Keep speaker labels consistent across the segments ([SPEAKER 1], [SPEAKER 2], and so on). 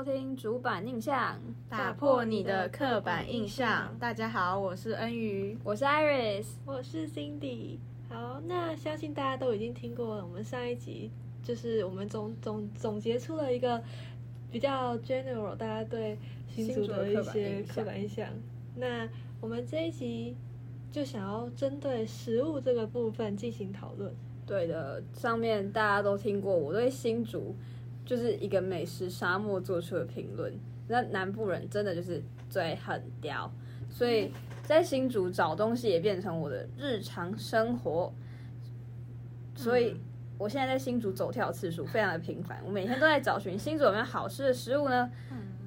[SPEAKER 1] 收聽主板印象，打破你的刻板印象。印象嗯、大家好，我是恩瑜，我是
[SPEAKER 2] Iris，我是 Cindy。好，那相信大家都已經聽過了我們上一集，就是我們總總總結出了一個比較 general 大家對新竹的一些的刻、板刻板刻板印象。那我們這一集就
[SPEAKER 1] 想要針對食物這個部分進行討論。對的，上面大家都聽過我對新竹。就是一個美食沙漠做出的評論，那南部人真的就是嘴很刁，所以在新竹找東西也變成我的日常生活，所以我現在在新竹走跳次數非常的頻繁，我每天都在找尋新竹有沒有好吃的食物呢，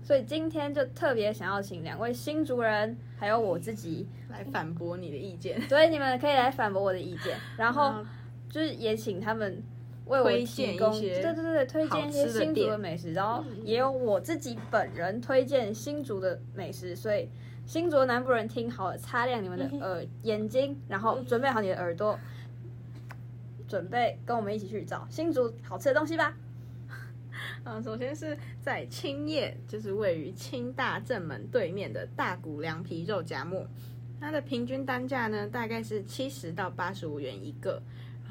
[SPEAKER 1] 所以今天就特別想要請兩位新竹人還有我自己來反駁你的意見，嗯。所以你們可以來反駁我的意見，然後就是也請他們。為我提供一些對對對，推薦一些新竹的美食的，然後也有我自己本人推薦新竹的美食，所以新竹南部人聽好了，擦亮你們的、呃、眼睛，然後準備好你的耳朵，準備跟我們一起去找新
[SPEAKER 3] 竹好吃的東西吧。嗯，首先是在青葉，就是位於清大正門對面的大骨涼皮肉夾饃，它的平均單價呢大概是七十到八十五元一個。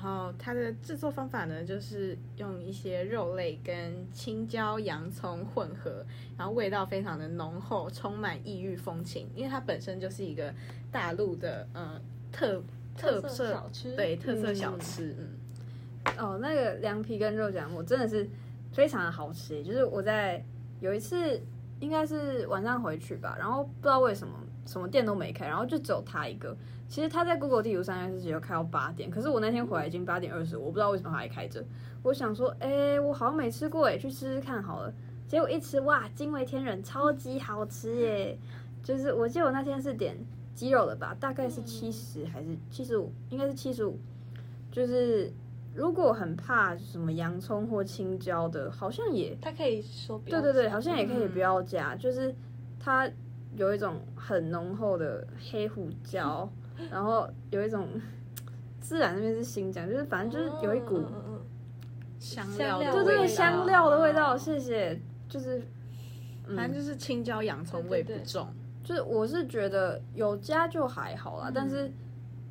[SPEAKER 3] 然後它的製作方法呢，就是用一些肉類跟青椒、洋蔥混合，然後味道非常的濃厚，充滿異域風情。因為它本身就是一個大陸的呃特特色小吃，對特色小吃，嗯，嗯。哦、嗯，oh, 那個涼
[SPEAKER 1] 皮跟肉夾饃，我真的是非常的好吃。就是我在有一次應該是晚上回去吧，然後不知道為什麼。什麼店都沒開，然後就只有他一個。其實他在 Google 地圖上面是只有開到八點，可是我那天回來已經八點二十，我不知道為什麼他還開着。我想說，誒、欸，我好像沒吃過，誒，去吃吃看好了。結果一吃，哇，驚為天人，超級好吃耶！就是我記得我那天是點雞肉的吧，大概是七十還是七十五，應該是七十五。就是如果很怕什麼洋蔥或青椒的，好像也他
[SPEAKER 2] 可以說不要對對對，好像也可以
[SPEAKER 1] 不要加，嗯、就是他。有一種很濃厚的黑胡椒， 然後有一種自然那邊是新疆，就是反正就是有一股香
[SPEAKER 2] 料，就這個香料的味
[SPEAKER 1] 道。味道味道謝謝，就是、嗯、反正就是青椒洋蔥味不重，對對對，就是我是覺得有加就還好啦，嗯、但是。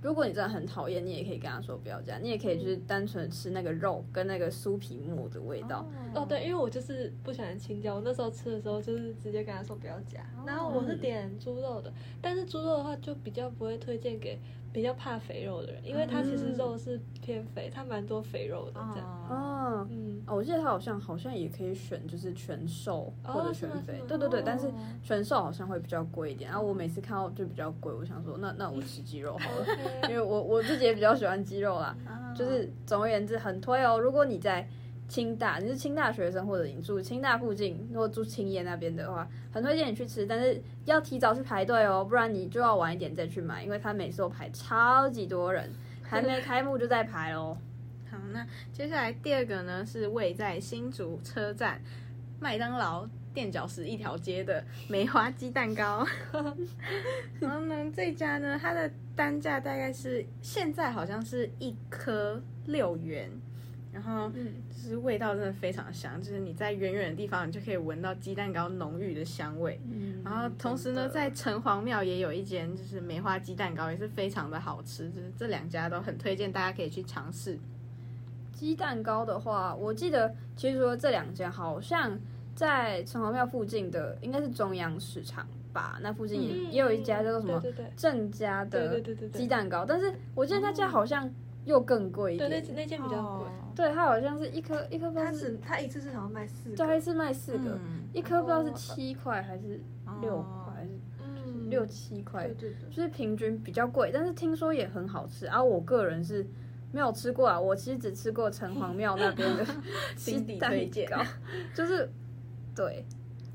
[SPEAKER 1] 如果你真的很討厭，你也可以跟他說不要加。你也可以就是單純吃那個肉跟那個酥皮沫的味道。Oh. 哦，對，因為我就是不喜歡青椒，我那時候吃的時候就是直接
[SPEAKER 2] 跟他說不要加。Oh. 然後我是點豬肉的，嗯、但是豬肉的話就比較不會推薦給。比較怕肥肉的人，
[SPEAKER 1] 因為他其實肉是偏肥，他蠻多肥肉的、嗯、這樣。哦、啊，嗯，哦，我記得他好像好像也可以選，就是全瘦或者全肥，哦、對對對、哦。但是全瘦好像會比較貴一點。然後我每次看到就比較貴，我想說那那我吃雞肉好了，嗯、因為我我自己也比較喜歡雞肉啦、嗯。就是總而言之，很推哦。如果你在。清大，你是清大學生或者你住清大附近，如果住青葉那邊的話，很推薦你去吃，但是要提早去排隊哦，不然你就要晚一點再去買，因為它每次都排
[SPEAKER 3] 超級多人，還沒開幕就在排哦。 好，那接下來第二個呢是位在新竹車站麥當勞墊腳石一條街的梅花雞蛋糕， 然後呢這一家呢它的單價大概是現在好像是一顆六元。然後嗯，就是味道真的非常的香，嗯，就是你在遠遠的地方，你就可以聞到雞蛋糕濃郁的香味。嗯，然後同時呢，在城隍廟也有一間，就是梅花雞蛋糕也是非常的好吃，就是這兩家都很推薦，大家可以去嘗試。
[SPEAKER 1] 雞蛋糕的話，我記得其實說這兩家好像在城隍廟附近的，應該是中央市場吧？那附近也有一家叫做什麼鄭家的雞蛋糕，但是我記得那家好像。又更貴一點的，對，對，對那那間比較貴，oh, 對，它好像是一顆一顆它一次它一次是好像賣四個，對一次賣四個，嗯、一顆不知道是七塊還是六塊，oh, 還是，就是六七塊，oh, um, 七對，對，對對，就是平均比較貴，但是聽說也很好吃而、啊、我個人是沒有吃過啊，我其實只吃過城隍廟那邊的
[SPEAKER 3] 心 底最推簡， 就是對，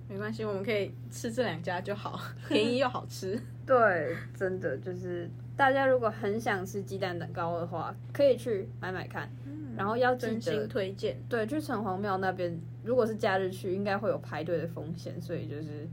[SPEAKER 3] 沒關係，我們可以吃這兩家就好， 便宜又
[SPEAKER 1] 好吃，對，真的就是。大家如果很想吃雞蛋蛋糕的話，可以去買買看。嗯、然後要真心推薦，對，去城隍廟那邊。如果是假日去，應該會有排隊的風險，所以就是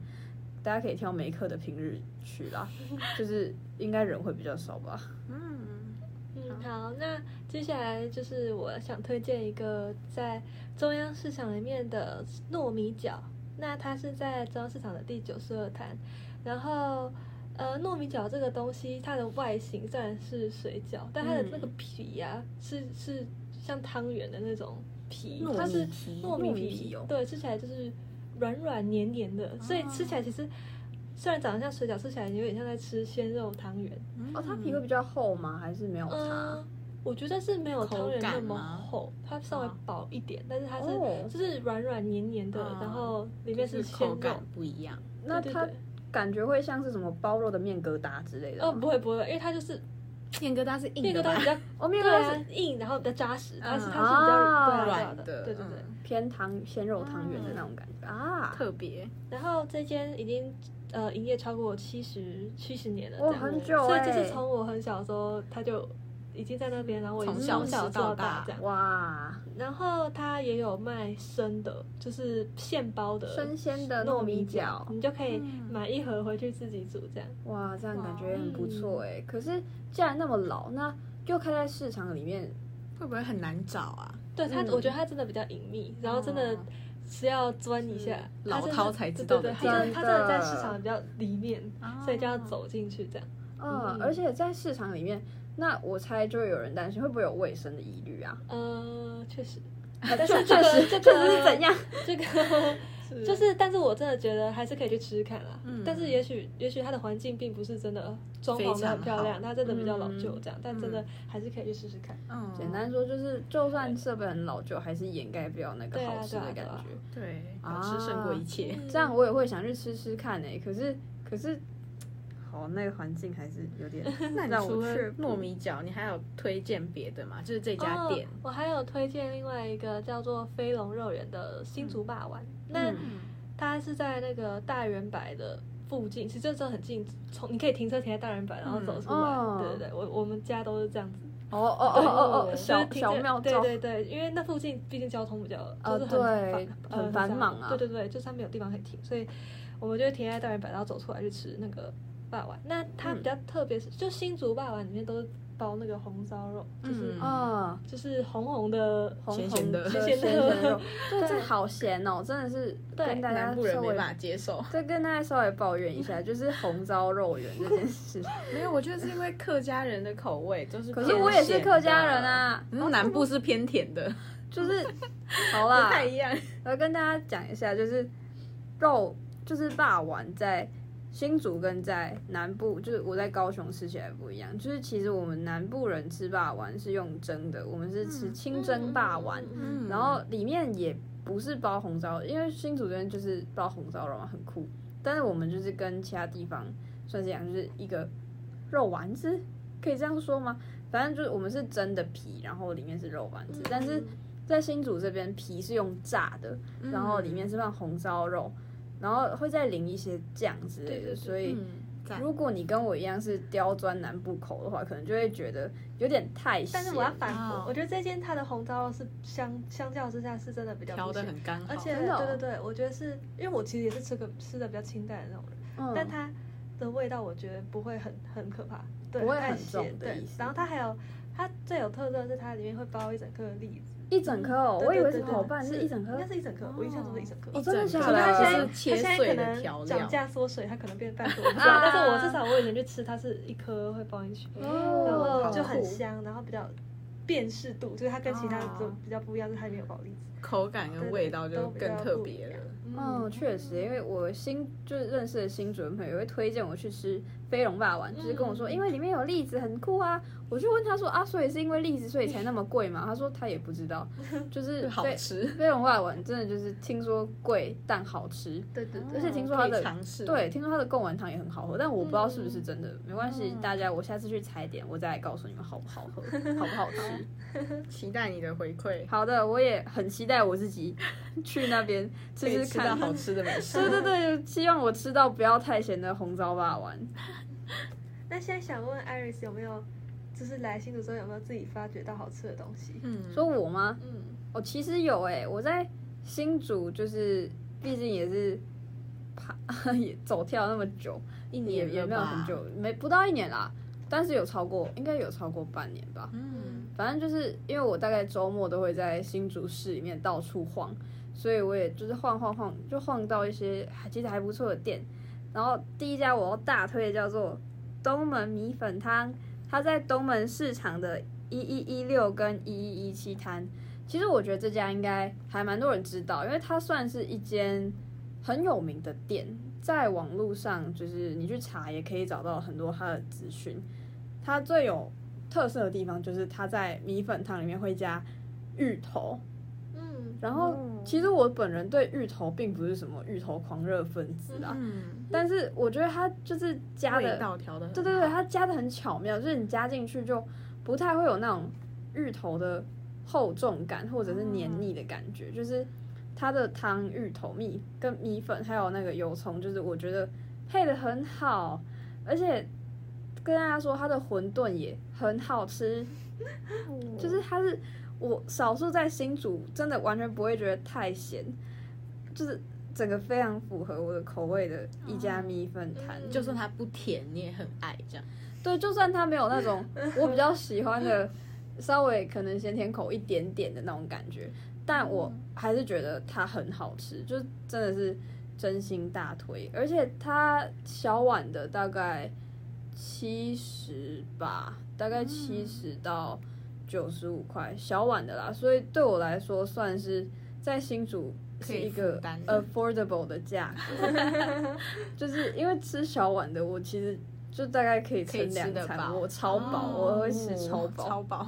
[SPEAKER 1] 大家可以挑沒課的平日去啦， 就是應該人會比較少吧。嗯
[SPEAKER 2] 嗯好，好，那接下來就是我想推薦一個在中央市場裡面的糯米餃，那它是在中央市場的第九十二攤，然後。呃，糯米餃這個東西，它的外形雖然是水餃，但它的那個皮呀、啊嗯，是是像湯圓的那種皮，皮它是糯米，皮糯米皮哦，對，吃起來就是軟軟黏黏的、啊，所以吃起來其實雖然長得像水餃，吃起來有點像在吃鮮肉湯圓、嗯。哦，它皮會比
[SPEAKER 1] 較厚嗎？還是沒有差、嗯？我覺得是沒有湯圓那麼厚，
[SPEAKER 2] 它稍微薄
[SPEAKER 1] 一點，啊、但是它是、哦、就是軟軟黏黏的、啊，然後
[SPEAKER 2] 裡面是鮮肉，就是、口感不一樣。對
[SPEAKER 1] 對對那它。感覺會像是什麼包肉的麵疙瘩之類的哦？不會不會，因為它就是麵疙瘩是硬的，麵疙瘩比較哦，麵疙瘩是硬， 啊、然後比較扎實，但是它是比較軟的，啊、對，對對對，偏湯鮮肉湯圓的那種感
[SPEAKER 2] 覺、嗯、啊，特別。然後這間已經呃營業超過七十七十年了，哦、很久、欸，所以就是從我很小的時候他就。已經在那邊，然後我從小吃到大這樣、嗯，哇！然後他也有賣生的，就是現包的，生鮮的糯米餃，你就可以買一盒回去自己煮，這樣
[SPEAKER 1] 哇，這樣感覺很不錯哎、欸嗯。可是既然那麼老，那又開在市場裡面，會不會很難找啊？對他，我覺得他
[SPEAKER 2] 真的比較隱秘，然後真的是要鑽一下、嗯啊、老饕才知道對對對對的。它他真的在市場比
[SPEAKER 1] 較裡面，啊、所以就要走進去這樣。嗯、呃，而且在市場裡面。那我猜就有人擔心會不會有衛生的疑慮啊？嗯，確實，但是確、這個、 實，這確實是怎樣？這個是就是，但是我真的覺得還是可以去
[SPEAKER 2] 吃吃看啦。嗯，但是也許也許它的環境並不是真的裝潢很漂亮，它真的比較老舊
[SPEAKER 1] 這樣、嗯，但真的還是可以去試試看。嗯，簡單說就是，就算設備很老舊，還是掩蓋不了那個好吃的感覺。對，好、啊啊啊啊啊、吃勝過一切、嗯。這樣我也會想去吃
[SPEAKER 3] 吃看誒、欸，可是可是。哦，那個環境還是有點。那我除了糯米餃，你還有推薦別的嗎？就是這家店，哦、
[SPEAKER 2] 我還有推薦另外一個叫做飛龍肉圓的新竹霸王。嗯、那、嗯、它是在那個大遠百的附近，其實真的很近。從你可以停車停在大遠百，然後走出來。嗯哦、對對對，我我們家都是這樣子。哦哦哦、就是、哦哦、哦，小小廟對對對，因為那附近畢竟交通比較就是很、呃對呃、很繁忙啊。對對對，就是它沒有地方可以停，所以我們就停在大遠百，然後走出來去吃那個。霸那它比較特別是、嗯，就新竹霸王裡面
[SPEAKER 1] 都是包那個紅糟肉，就是啊、嗯哦，就是紅紅的紅紅鮮鮮的，的、的肉，就是好鹹哦、喔，真的是對南部人沒辦法接受。再跟大家稍微抱怨一下，就是紅糟肉圓這件事情， 沒有，我覺得是因為客家人的口味就是。可是我也是客
[SPEAKER 3] 家人啊，哦、南部是偏甜的，哦、就是、
[SPEAKER 1] 嗯、好啦，不太一樣。我要跟大家講一下，就是肉就是霸王在。新竹跟在南部，就是我在高雄吃起來不一樣。就是其實我們南部人吃肉圓是用蒸的，我們是吃清蒸肉圓、嗯、然後裡面也不是包紅糟，因為新竹這邊就是包紅糟肉，很酷。但是我們就是跟其他地方算是一樣，就是一個肉丸子，可以這樣說嗎？反正就是我們是蒸的皮，然後裡面是肉丸子。但是在新竹這邊皮是用炸的，然後裡面是放紅糟肉。然後會再淋一些醬之類的，對對對，所以、嗯、如果你跟我一樣是刁鑽南部口的話，可能就會覺得有點太鹹。但是我要反駁，oh. 我覺得這間它的紅燒肉是相相
[SPEAKER 2] 較之下是真的比較調的很乾。而且、哦、對對對，我覺得是因為我其實也是吃個吃的比較清淡的那種人、嗯，但它的味道我覺得不會很很可怕，對，不會太鹹。對，然後它還有它最有特色是它裡面會包一整顆栗子。
[SPEAKER 1] 一整顆哦、喔嗯，我以為是頭半是一整顆，應該是一整顆、哦。我印象中是一整顆。哦，真的假的，它現，現在可能漲價
[SPEAKER 2] 縮水，他可縮水 它可能變半顆、啊。但是，我至少我以前去吃，它是一顆會包栗子、哦，然後就很香、哦，然後比較辨識度，哦、就是它跟其他就比較不一樣，是它裡面有
[SPEAKER 3] 栗子，口感跟味道就更特別了。
[SPEAKER 1] 哦、嗯嗯嗯，確實，因為我新就是認識的新竹人朋友會推薦我去吃飛龍霸丸、嗯，就是跟我說、嗯，因為裡面有栗子，很酷啊。我就問他說啊，所以是因為荔枝所以才那麼貴嗎？ 他說他也不知道，就是 好吃。非糟八碗真的就是聽說貴但好吃，對，對對，而且聽說它的、嗯、對聽說它的貢丸湯也很好喝，但我不知道是不是真的，沒關係、嗯，大家我下次去踩點，我再來告訴你們
[SPEAKER 3] 好不好喝， 好不好吃。期待你的回饋。
[SPEAKER 1] 好的，我也很期待我自己去那邊吃一看吃好吃的美食。 對對對，希望我吃到不要太鹹的紅糟霸玩。
[SPEAKER 2] 那現在想問艾 r i s 有沒有？就是來新竹之後有沒有自己發掘到好吃的東西？
[SPEAKER 1] 嗯，說我嗎？嗯，我、哦、其實有哎、欸，我在新竹就是，畢竟也是爬也走跳那麼久，一年也也沒有很久，沒不到一年啦，但是有超過，應該有超過半年吧。嗯，反正就是因為我大概周末都會在新竹市裡面到處晃，所以我也就是晃晃晃，就晃到一些還其實還不錯的店。然後第一家我要大推的叫做東門米粉湯。他在東門市場的一一一六跟一一一七攤，其實我覺得這家應該還蠻多人知道，因為它算是一間很有名的店，在網路上就是你去查也可以找到很多它的資訊。它最有特色的地方就是它在米粉湯裡面會加芋頭，嗯，然後。其實我本人對芋頭並不是什麼芋頭狂熱分子啊、嗯，但是我覺得它就是加的，對對對，它加的很巧妙，就是你加進去就不太會有那種芋頭的厚重感或者是黏膩的感覺，嗯、就是它的湯、芋頭、米跟米粉還有那個油蔥，就是我覺得配得很好，而且跟大家說，它的餛飩也很好吃，哦、 就是它是。我少數在新竹真的完全不會覺得太鹹，就是整個非常符合我的口味的一家米粉攤、啊，就算它不甜你也很愛這樣。對，就算它沒有那種我比較喜歡的稍微可能鹹甜口一點點的那種感覺，但我還是覺得它很好吃，就真的是真心大推。而且它小碗的大概七十吧，大概七十到。九十五塊小碗的啦，所以對我來說算是在新竹是一個 affordable 的價格，的 就是因為吃小碗的，我其實就大概可以吃兩餐，吧我超飽，哦，我會吃超飽，超飽。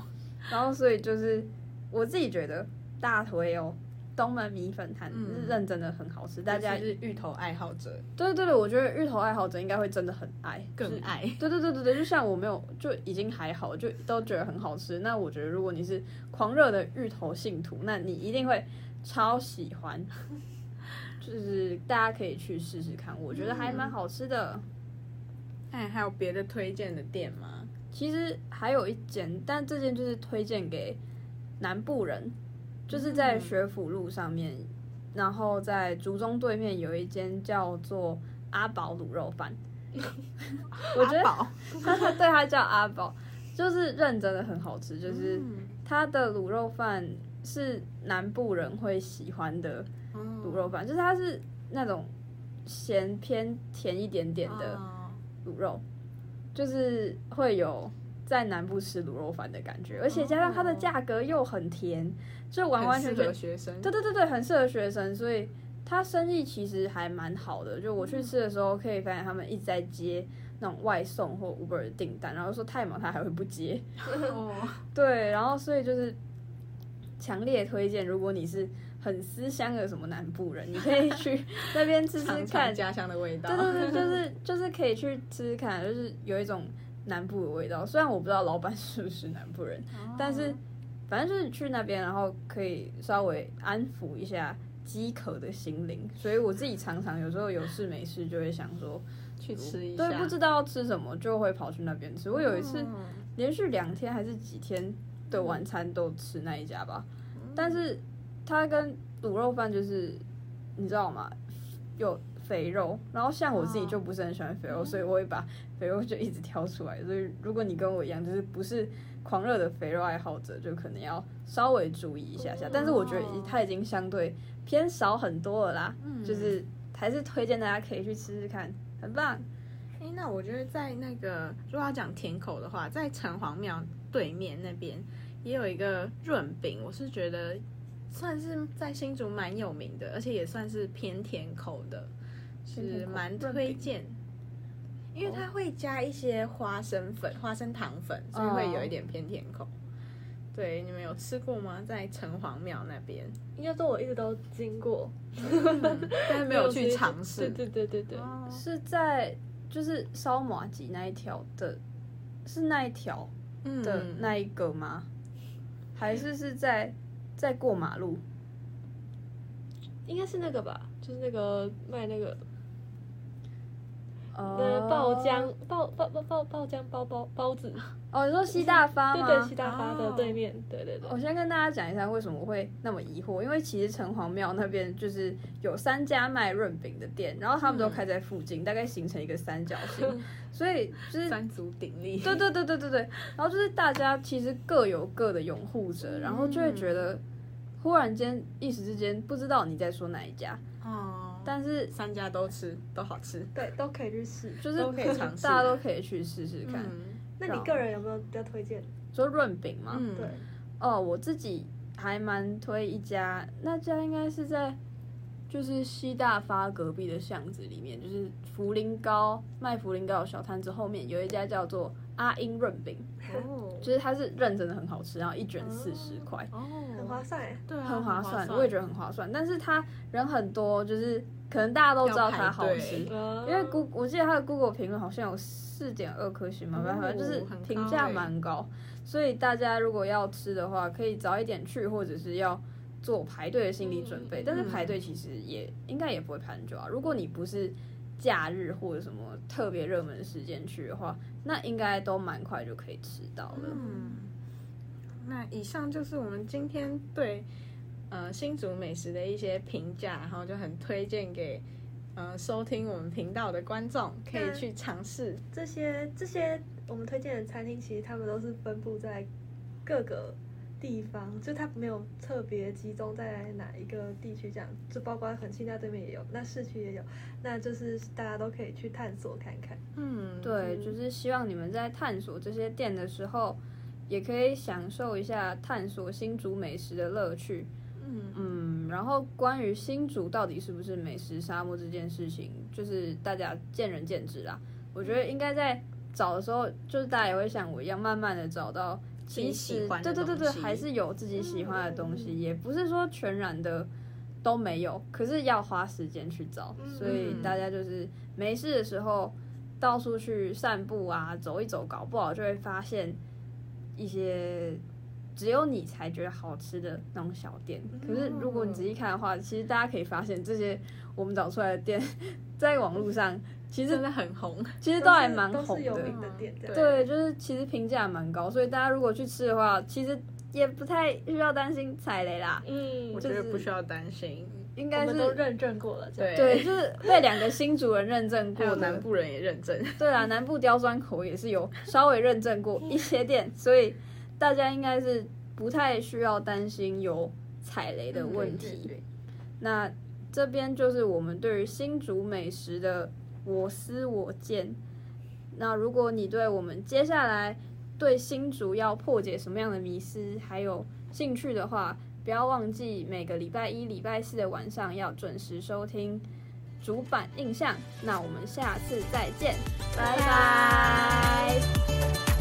[SPEAKER 1] 然後所以就是我自己覺得大推哦。東門米粉攤，是認真的很好吃，嗯。大家是芋頭
[SPEAKER 3] 愛好者，
[SPEAKER 1] 對對對，我覺得芋頭愛好者應該會真的很愛，更愛。對，就是，對對對對，就像我沒有就已經還好，就都覺得很好吃。那我覺得如果你是狂熱的芋頭信徒，那你一定會超喜歡。就是大家可以去試試看，我覺得還蠻好吃的。哎，嗯嗯嗯，還有別的推薦的店嗎？其實還有一間，但這間就是推薦給南部人。就是在學府路上面，嗯，然後在竹中對面有一間叫做阿寶滷肉飯。啊、 我覺得、啊、他對他叫阿寶、啊，就是認真的很好吃，嗯。就是他的滷肉飯是南部人會喜歡的滷肉飯，嗯，就是它是那種鹹偏甜一點點的滷肉，嗯，就是會有。在南部吃滷肉飯的感覺，而且加上它的價格又很甜，哦、就完完全全很適合學生，對對對對，很適合學生，所以它生意其實還蠻好的。就我去吃的時候，可以發現他們一直在接那種外送或 Uber 的訂單，然後說太忙，他還會不接。哦、 對，然後所以就是強烈推薦，如果你是很思鄉的什麼南部人， 你可以去那邊吃吃看嚐嚐家鄉的味道。對對對，就是就是可以去吃吃看，就是有一種。南部的味道，雖然我不知道老闆是不是南部人，oh. 但是反正就是去那邊，然後可以稍微安撫一下飢渴的心靈。所以我自己常常有時候有事沒事就會想說 去吃一下，對，不知道吃什麼就會跑去那邊吃。我有一次、oh. 連續兩天還是幾天的晚餐都吃那一家吧，oh. 但是它跟滷肉飯就是你知道嗎？有。肥肉，然後像我自己就不是很喜歡肥肉，所以我會把肥肉就一直挑出來。所以如果你跟我一樣，就是不是狂熱的肥肉愛好者，就可能要稍微注意一下下。但是我覺得它已經相對偏少很多了啦，就是還是推薦大家可以去吃吃
[SPEAKER 3] 看，很棒。欸，那我覺得在那個如果要講甜口的話，在城隍廟對面那邊也有一個潤餅，我是覺得算是在新竹蠻有名的，而且也算是偏甜口的。是蠻推薦，因為它會加一些花生粉、花生糖粉，所以會有一點偏甜口。Oh. 對，你們有吃過嗎？在城隍廟那邊，
[SPEAKER 1] 應該說我一直都經過，
[SPEAKER 3] 但是沒有去嘗試。對對對對對，
[SPEAKER 1] 是在就是燒麻糬那一條的，是那一條的那一個嗎、嗯？還是是在在過馬路？應該是那個吧，就是那個賣那個。呃、oh.
[SPEAKER 2] 爆漿爆爆爆爆爆漿包
[SPEAKER 1] 包包子哦，你說西大發嗎？就是，對對西大發的對面，oh. 對對對。我先跟大家講一下為什麼我會那麼疑惑，因為其實城隍廟那邊就是有三家賣潤餅的店，然後他們都開在附近，嗯、大概形成一個三角形， 所以就是三足鼎立，對對對對對對。然後就是大家其實各有各的擁護者，然後就會覺得忽然間一時之間不知道你在說哪一家哦。
[SPEAKER 3] Oh. 但是三家都吃
[SPEAKER 1] 都好吃，對，都可以去試， 就是都可以嘗試，大家都可以去試試看，嗯。那你個人有沒有比
[SPEAKER 2] 較推
[SPEAKER 1] 薦，嗯？說潤餅嘛，
[SPEAKER 3] 對。
[SPEAKER 1] 哦，我自己還蠻推一家，那家應該是在就是西大發隔壁的巷子裡面，就是茯苓糕賣茯苓糕的小攤子後面有一家叫做阿英潤餅。Oh, 就是它是認真的很好吃，然後一卷四十塊，哦、oh, oh,
[SPEAKER 2] 啊，很划算，對啊，很划算，我也覺得
[SPEAKER 1] 很划算。但是他人很多，就是可能大家都知道它好吃，因為 Google 我記得它的 Google 評論好像有四點二顆星嘛，反、oh, 正就是評價蠻高，高、欸，所以大家如果要吃的話，可以早一點去，或者是要做排隊的心理準備。嗯、但是排隊其實也、嗯、應該也不會排很久啊，如果你不是。假日或者什麼特別熱門時間去的話，那應該都蠻快就可以吃到了。嗯，
[SPEAKER 3] 那以上就是我們今天對呃新竹美食的一些評價，然後就很推薦給呃收聽我們頻道的觀眾，可以去嘗試這些這些我
[SPEAKER 2] 們推薦的餐廳，其實他們都是分布在各個。地方，就它沒有特別集中在哪一個地區，這樣就包括很清大對面也有，那市區也有，那就是大家都
[SPEAKER 1] 可以去探索看看。嗯，
[SPEAKER 3] 對嗯，
[SPEAKER 1] 就是希望你們在探索這些店的時候，也可以享受一下探索新竹美食的樂趣。嗯，嗯然後關於新竹到底是不是美食沙漠這件事情，就是大家見仁見智啦。我覺得應該在找的時候，就是大家也會像我一樣，慢慢的找到。其實，對對對對，還是有自己喜歡的東西，嗯，也不是說全然的都沒有。可是要花時間去找，嗯、所以大家就是沒事的時候到處去散步啊，走一走，搞不好就會發現一些只有你才覺得好吃的那種小店，嗯。可是如果你仔細看的話，其實大家可以發現這些我們找出來的店，在網路上。嗯其實真的很紅，其實都還蠻紅的。的店對，對，就是其實評價還蠻高，所以大家如果去吃的話，其實也不太需要擔心踩雷啦。嗯、就是，我覺得不需要擔心，
[SPEAKER 2] 應該是都認證過了對。對，就是
[SPEAKER 1] 被兩個新竹人認證過，哦，南部人也認證。對啊，南部刁鑽口也是有稍微認證過一些店， 所以大家應該是不太需要擔心有踩雷的問題。嗯、對對對。那這邊就是我們對於新竹美食的。我思我見。那如果你對我們接下來對新竹要破解什麼樣的迷思還有興趣的話，不要忘記每個禮拜一、禮拜四的晚上要準時收聽主板印象。那我們下次再見，拜拜。Bye bye